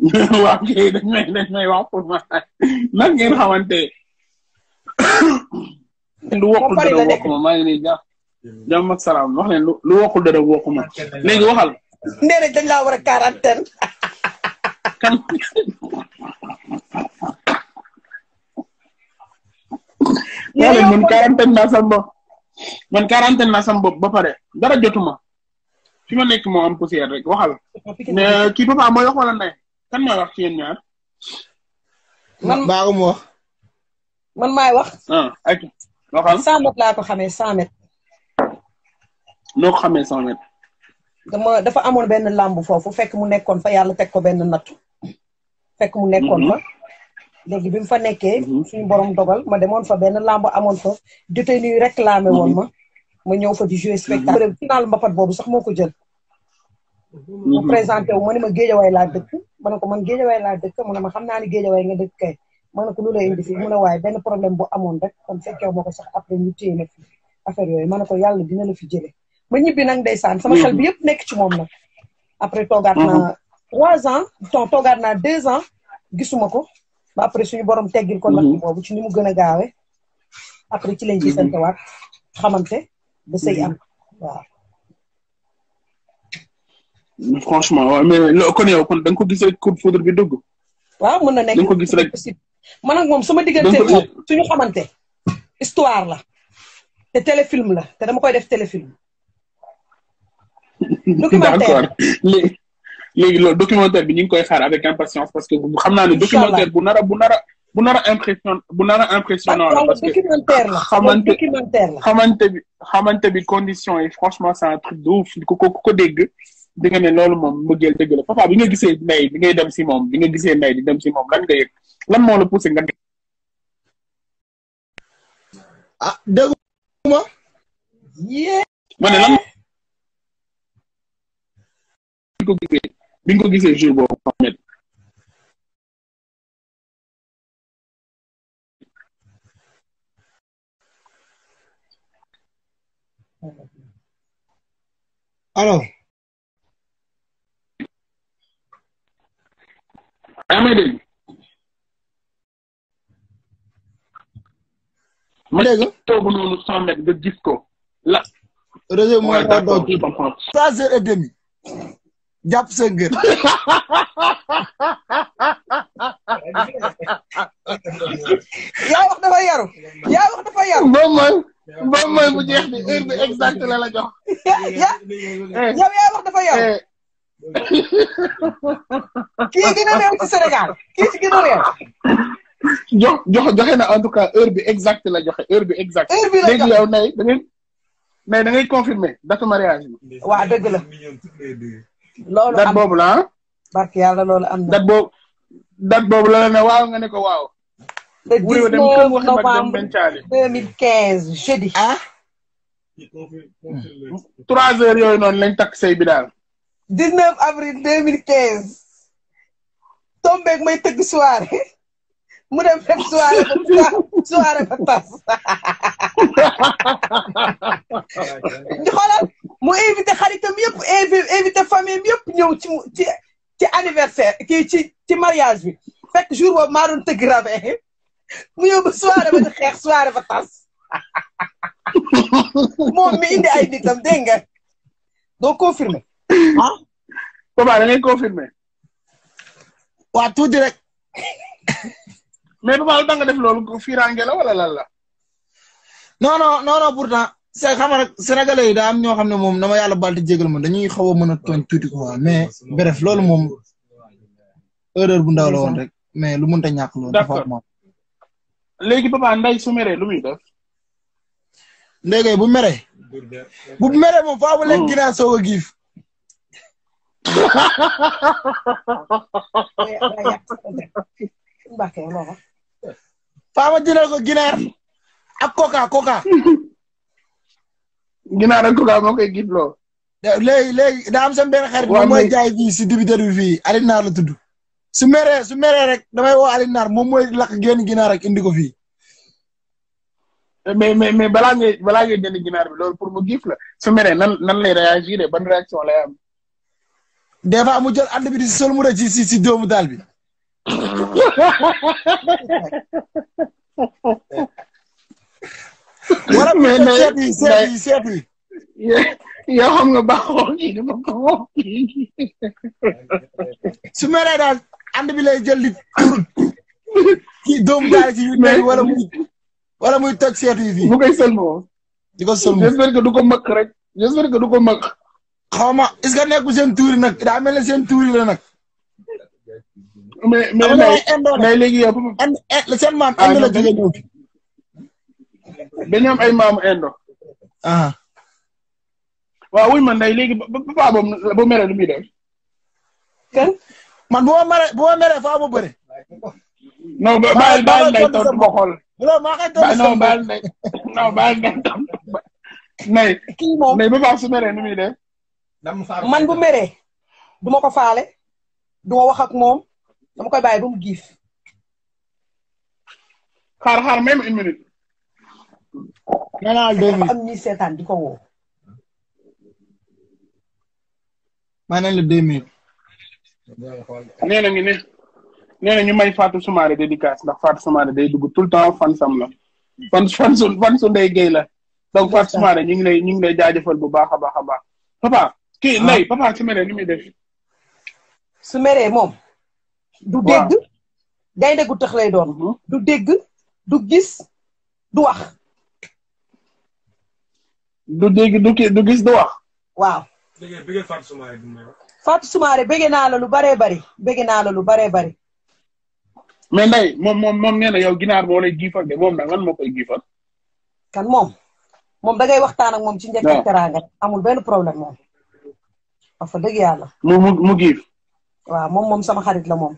waaw kay dañ may dañ may ma nag ngeen xamante lu wokkul dara wokk ma maa ngi nii jàmm jàmm ak salaam wax leen lu wokkul dara wokk ma léegi waxal. laa war a quarantaine. kan. nee man quarantaine naa sama ba pare dara jotuma fi ma nekk moo am poussière rek waxal. mais kii papa mooy wax wala nay. kan mooy wax ci man baaxul ma wax. man maay wax. ah ayca laa ko xamee 100 mètres. noo ko xamee 100 mètres. dama dafa amoon benn làmb foofu fekk mu nekkoon fa yàlla teg ko benn nattu. fekk mu nekkoon fa. Mhm. léegi bi mu fa nekkee. Mhm. suñu borom dogal ma demoon fa benn làmb amoon fa. détenu yi réclamé woon ma. Mhm. ma ñëw fa di jouer spectacle. final mbapat boobu sax moo ko jël. mu présenté wu ma ni ma géejawaay laa dëkk. ma ko man géejawaay laa dëkk mu ne ma xam naa ni géejawaay nga dëkk kay ma ne ko lu lay indi fii mu ne waaye benn problème bu amoon rek comme fekkew ma ko sax après ñu téye fi affaire yooyu ma ko yàlla dina la fi jële ma ñibbi nag ndeysaan sama xel bi mhm. yëpp nekk ci moom nag après toogaat mhm. naa trois ans ton toogaat naa deux ans gisuma ko ba après suñu borom teggil ko natt mhm. boobu ci ni mu gën a gaawe après ci lañ gisante waat xamante ba sëy am waaw franchement waaw mais loo kon yow kon da nga ko gis rek coup de foudre bi dugg. waaw mën na nekk da ko gis rek. man moom sama diggante moom suñu xamante histoire la te téléfilm la te dama koy def téléfilm. documentaire d'accord léegi léegi loolu documentaire bi ñu ngi koy xaar avec impatience parce xam naa ne documentaire bu nara bu nara bu nara impression bu nara impressionnant la parce que xamante xamante bi xamante bi condition yi franchement c'est un truc ko ko dégg. di nga nee loolu moom mbëggeel dëgg la papa bi nga gisee may bi ngay dem si moom bi nga gisee may di dem si moom lan nga yëg lan moo la poussé nga. ah dégg ma. ma ne lan. bi nga ko gisee bi nga ko gisee jour yaa may dégg. cent mètres nga gis la. réseau mooy daa doog trois heures et demi jàpp sa yaa wax dafa yaru. yaa wax dafa yaru. moom mooy bu jeex exact la la jox. yaa yaa wax dafa yaru. Eh, kii gën a kii ci gën jox joxe na en tout cas heure bi exact la joxe heure bi exacte. heure bi la joxe léegi yow nay da ngay mais da ngay confirmer date mariage bi. waaw la. loolu date boobu la ah. barke yàlla loolu am na. boobu date boobu la la ne waaw nga ne ko waaw. le 19 novembre 2015 jeudi. ah. trois heures yooyu noonu lañ takk sëy bi daal. 19 avril 2015 tombeeg may tëgg soirée mu dem fekk soirée ba ba tas xoolal mu invité xaritam yëpp invité famille yëpp ñëw ci ci ci ci ci mariage bi fekk jour boobu maa tëgg rabe mu ñëw ba ba di xeex soirée ba tas moom mi indi ay nitam dégg nga doo confirmer ah. Papa da ngeen confirmé. waa tuuti rek. mais Papa lu tax nga def loolu la wala lan la. non non non non pourtant. yi am ñoo xam ne moom nama yàlla baal di jégal ma dañuy xaw a mën a tooñ tuuti quoi mais bref loolu bu ndaw la woon rek mais lu mënta ñàkk loolu. d'accord léegi Papa Ndeye su lu muy def. ndéegay bu meree. bu meree moom faaw mu lekk oh. ginnaaw soog faama jëndal ko ginaar ak coca coca. ginaar ak coca moo koy gibloo. léegi léegi daa benn xarit. moom mooy jaay fii si dibiteur bi fii Alioune la tudd. su meree su meree rek damay woo Alioune Naar moom mooy lakk génn ginaar rek indi ko fii. mais mais mais balaa ngay balaa ngay jënd ginaar bi loolu pour mu gif la su nan nan lay réagir ban réaction lay des mu jël ànd bi di si sol mu rek si si si daal bi. wala mais seet yi seet yi seet yi. yoo xam nga baaxoo kii dama ko daal ànd bi lay jël di ci daal ci yu mel wala muy wala seet yi fii. mu koy sëlmoo. di ko sëlmoo j'espère que du ko mëkk rek j'espère que du ko mëkk. xaw ma est-ce que seen tuuri nag daa mel ne seen tuuri la nag. mais mais mais léegi yow. seen maam ah, indo la jógee ay maamu indo. ah. waaw wuy man day léegi ba ba bu mere lu muy def. man bu ma meree bu ma faa ma bëre. non ba baal baal nday tontu ma xool. maa koy tontu sa su meree nu muy def. man bu meree du ma ko faale du ma wax ak moom dama koy bàyyi ba mu giif. xaar xaar même une minute. nee naa deux minutes seetaan di ko woo. maa ngi leen di deux minutes. nee na ñu ne nee na ñu may Fatou Soumaré dédicace ndax Fatou Soumaré day dugg tout le temps fan sam la. fan fan su fan su ndey gay la. donc Fatou Soumaré ñu ngi lay ñu ngi lay jaajëfal bu baax a baax a baax papa. kii ah. nay papa su meree ni muy def. meree moom. du dégg. gaynde gu tëx lay doon. Mhm. du dégg du gis du wax. du dégg du kii du gis du wax. waaw. bëggee bëggee Fatou Soumaré bi may wax. Fatou naa la lu bare bari bëggee naa la lu baree bari. me nday moom moom moom nee na yow ginaar boo lay giifal de moom na lan moo koy giifal. kan moom moom da ngay waxtaan ak moom ci njëkk amul benn problème moom. wax fa dëgg yàlla. mu mu mu waaw moom moom sama xarit la moom.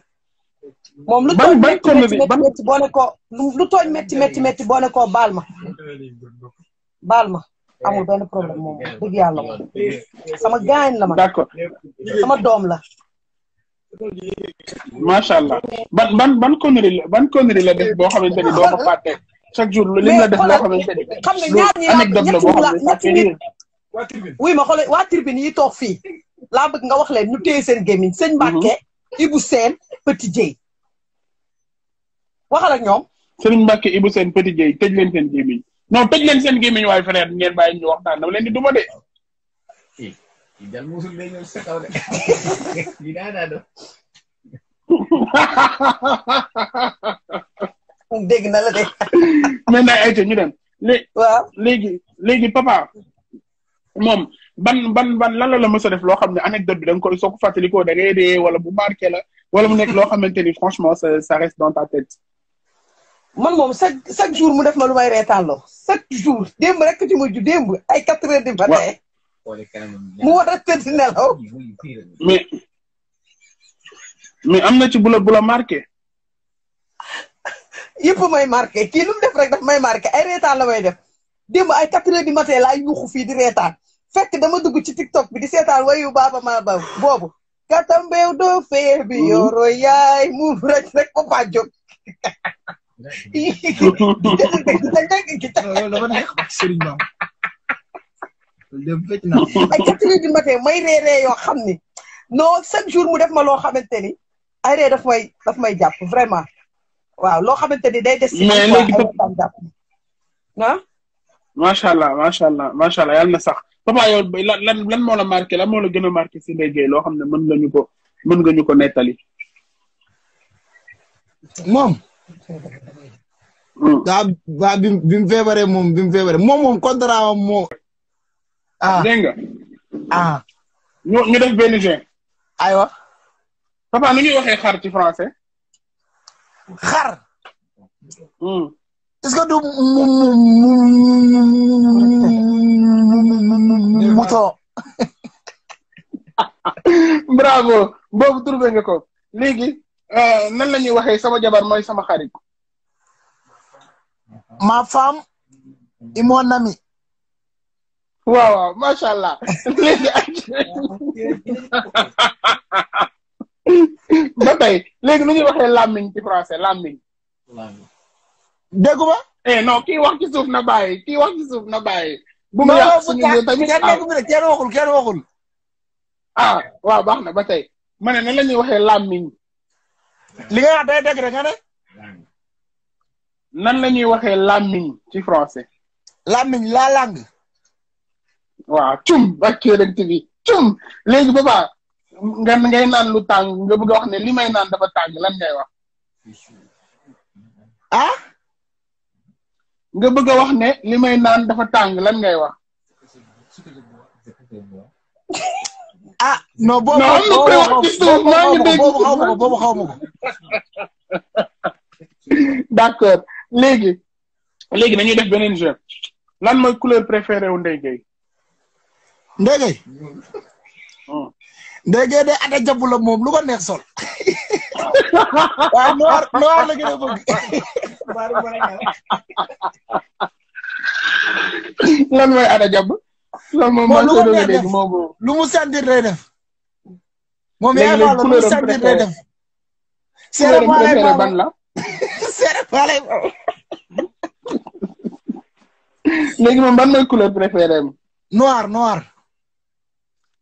moom lu tooñ métti métti boole koo lu tooñ métti boole koo baal ma. baal ma amul benn problème moom dëgg yàlla moom. sama gaañ la ma. d'accord sama doom la. macha allah ban ban ban connerie la ban connerie la def boo xamante ni doo ko chaque jour li la def loo xamante ni. xam nga ñaar ñi ñetti ñetti ñetti ñetti ñetti ñetti ñetti ñetti laa bëgg nga wax leen ñu téye seen gémmiñ sëñ mhm. Mbàkke Ibou Sène Petit Dieye waxal ak ñoom sëñ Mbàkke Ibou Sène Petit Dieye tëj leen seen gémmiñ non tëj leen seen gémmiñ waaye frère ngeen bàyyi ngi waxtaan dama leen di duma de eh, dal musul de ñëw daa daa doon dégg na la ñu dem léegi waaw léegi léegi papa moom ban ban ban lan la la mës a def loo xam ne anecdote bi da nga koy soo ko wala bu marqué la wala mu nekk loo xamante ni franchement ça ça reste tête. man moom chaque chaque jour mu def ma lu may reetaanloo chaque jour démb rek ju mujj démb ay quatre heures du matin. mu war a tëdd nelaw. mais mais am na ci bu la bu la marqué. yëpp may marqué kii lu mu def ay la may def démb ay quatre heures du matin laa yuuxu fii di reetaan. fekk dama dugg ci TikTok bi di seetaan wayu baaba maa ba boobu katam beew doo fee bi mm-hmm. yaay mu rek rek ko faa jóg ay quatre may reeree xam ni non chaque jour mu def ma loo xamante ni ay ree daf may daf may jàpp vraiment waaw loo xamante ni day des si mais léegi jàpp ah macha allah allah macha allah yàlla na sax papa yow lan lan moo la marqué lan moo la gën a marqué si Ndeye Gueye loo xam ne mën nga ñu ko mën nga ñu ko nettali. moom. Hmm. daa daa bi feebaree moom bi mu feebaree moom moom contrat am moo. ah nga. ah. ñu def benn juin. aywa. papa nu ñuy waxee xar ci français. xar. Hmm. est-ce que du mu mu mu mouton. bravo boobu trouvé nga ko léegi nan la ñuy waxee sama jabar mooy sama xarit. ma femme et mon ami. waaw waaw macha allah léegi ba tey léegi nu ñuy waxee làmmiñ ci français làmmiñ. làmmiñ. déggu ma. eh non kii wax ci suuf na bàyyi kii wax ci suuf na bàyyi. bu mu yàq tamit kenn ah. déggu waxul kenn waxul. ah waaw baax na ba tey. ma ne nan la ñuy waxee làmmiñ. li nga wax day dégg rek nga ne. nan la ñuy waxee làmmiñ ci français. làmmiñ la langue. waaw cum ak kéeréen bi cum léegi ba baax nga ngay naan lu tàng nga bëgg wax ne li may naan dafa tàng lan ngay wax. Ah? nga bëgg a wax ne li may naan dafa tàng lan ngay wax. ah non boobu xaw ma ko léegi. léegi dañuy def beneen jeu. lan mooy couleur préférée wu Ndeye Gueye. Ndeye Gueye. Hmm. Ndeye de ada jabu moom lu ko neex sol. waaw noir noir la bëgg. baru Sénégal lan mooy Ada Jàbb loolu moom maa ngi koy dégg moom boobu lu mu moom yaa ban la. séeréer wala léegi moom ban mooy couleur préférée noir noir.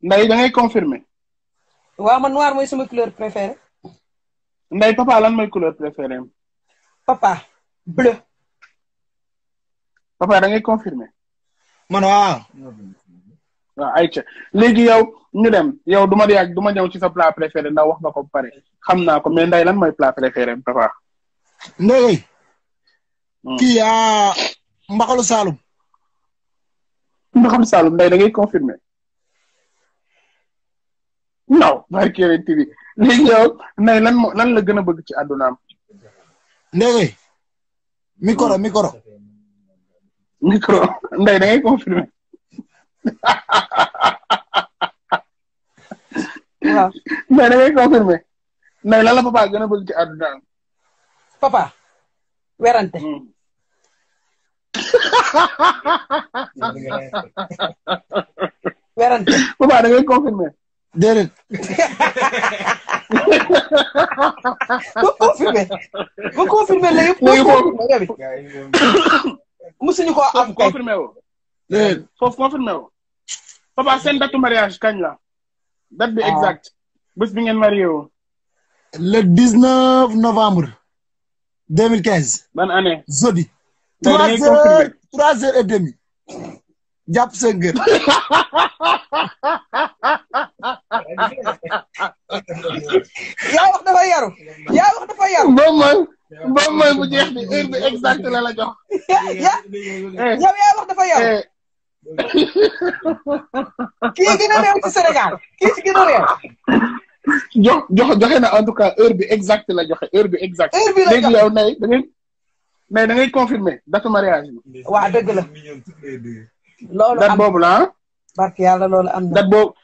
nday da ngay confirmer. waaw noir mooy sama couleur préférée. nday papa lan mooy couleur préférée papa bleu. papa da ngay confirmer. man waaw. waaw ayca léegi yow ñu dem yow du ma yàgg du ma ñëw ci sa plat préféré ndaw wax nga ko pare xam naa ko mais nday lan mooy plat préféré papa. Ndeye. Hmm. kii ah Mbaxalu Saalum. Mbaxalu Saalum nday da ngay confirmer. non barke TV léegi yow nday lan lan la gën a bëgg ci àddunaam léegi micro micro. micro Ndeye da ngay confirmer. waaw Ndeye da ngay lan la papa gën a bëgg ci àdduna papa. werante. Hmm. papa da ngay confirmer. ba confirmé ba confirmé la yëpp. mooy mosuñu ko am kay papa seen date mariage kañ la. date bi ah. exact bés bi ngeen marié woo. le 19 novembre. 2015. ban année. jeudi. trois heures trois heures et demie. jàpp sa yaa wax dafa yaru yaa mooy moom mooy bu jeex bi heure bi exact la la jox yow yaa wax dafa yaru kii gën a réew ci Sénégal kii ci gën a jox joxe na en tout cas heure bi exact la joxe heure bi exact heure bi la léegi yow nay nay confirmer date mariage bi waaw loolu am na date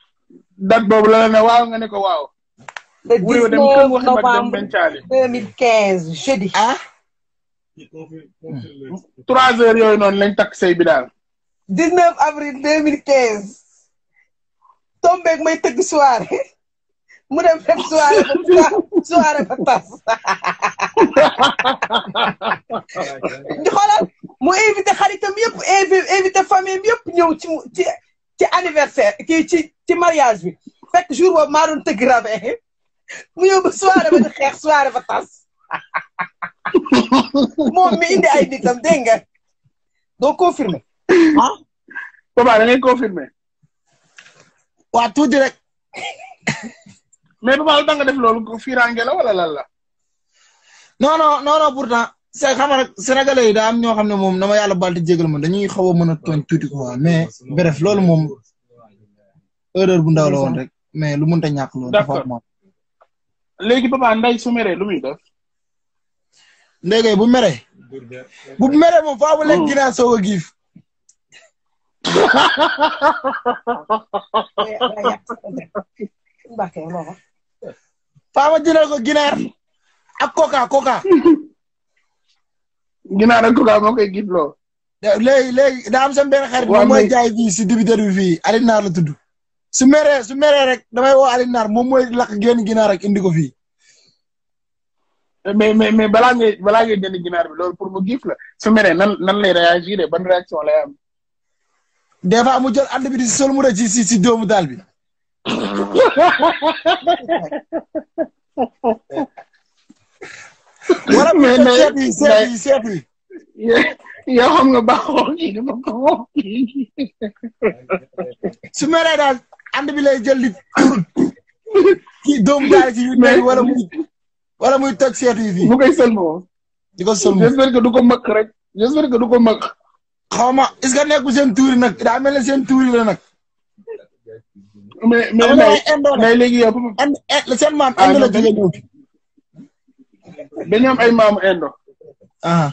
date boobu la la ne waaw nga ne ko waaw. le 19 novembre 2015 jeudi. ah. trois heures yooyu noonu la takk sëy bi daal. 19 avril 2015. tombeeg may tëgg soirée. mu dem fekk soirée ba soirée ba tas. mu invité xaritam yëpp invité famille yëpp ñëw ci ci anniversaire kii ci mariage bi fekk jour boobu maa doon tëgg rabais mu ñëw ba ba di xeex soirée ba tas moom mi indi ay nitam dégg nga doo confirmer ah. Papa da ngay confirmer. waa tuuti rek. mais Papa lu tax def loolu fiiraange la wala lan la. non non sa xam nga sénégalais yi daa am ne moom na ma yàlla baal di jégal ma dañuy xaw a mën a tooñ tuuti quoi mais bref loolu moom erreur bu ndaw la rek mais lu mënta ñàkk loolu. dafa am léegi papa su meree lu muy def. ndéegay bu meree. bu meree moom faa mu lekk oh. ginaar soog a giif. faa ginaar ak coca moo koy gidloo. léegi léegi daa am seen benn xarit. moom mooy jaay fii si débiteur bi fii Alioune Naar la tudd. su meree su meree rek damay woo Alioune Naar moom mooy lakk génn ginaar rek indi ko fii. mais mais mais balaa ngay balaa ngay jënd ginaar bi loolu pour mu gif la su meree nan nan lay réagir ban réaction lay am. fois mu jël ànd bi di sol mu rëcc si si si doomu daal bi. wala mais mais seet yi seet yi seet yi. yoo xam nga baaxoo kii dama baaxoo kii. su meree daal ànd bi lay jël kii doomu daal ci biir mbéy wala muy wala muy seet yi fii. mu koy sëlmoo. di ko sëlmoo j'espère que du ko mag rek j'espère que du ko mag. xaw ma est-ce que nekkul seen tuuri nag daa mel ne seen tuuri la nag. mais mais mais léegi yow. Eh, seen maam ànd la jógee ñëw. dañu am ay maamu indo. Ah.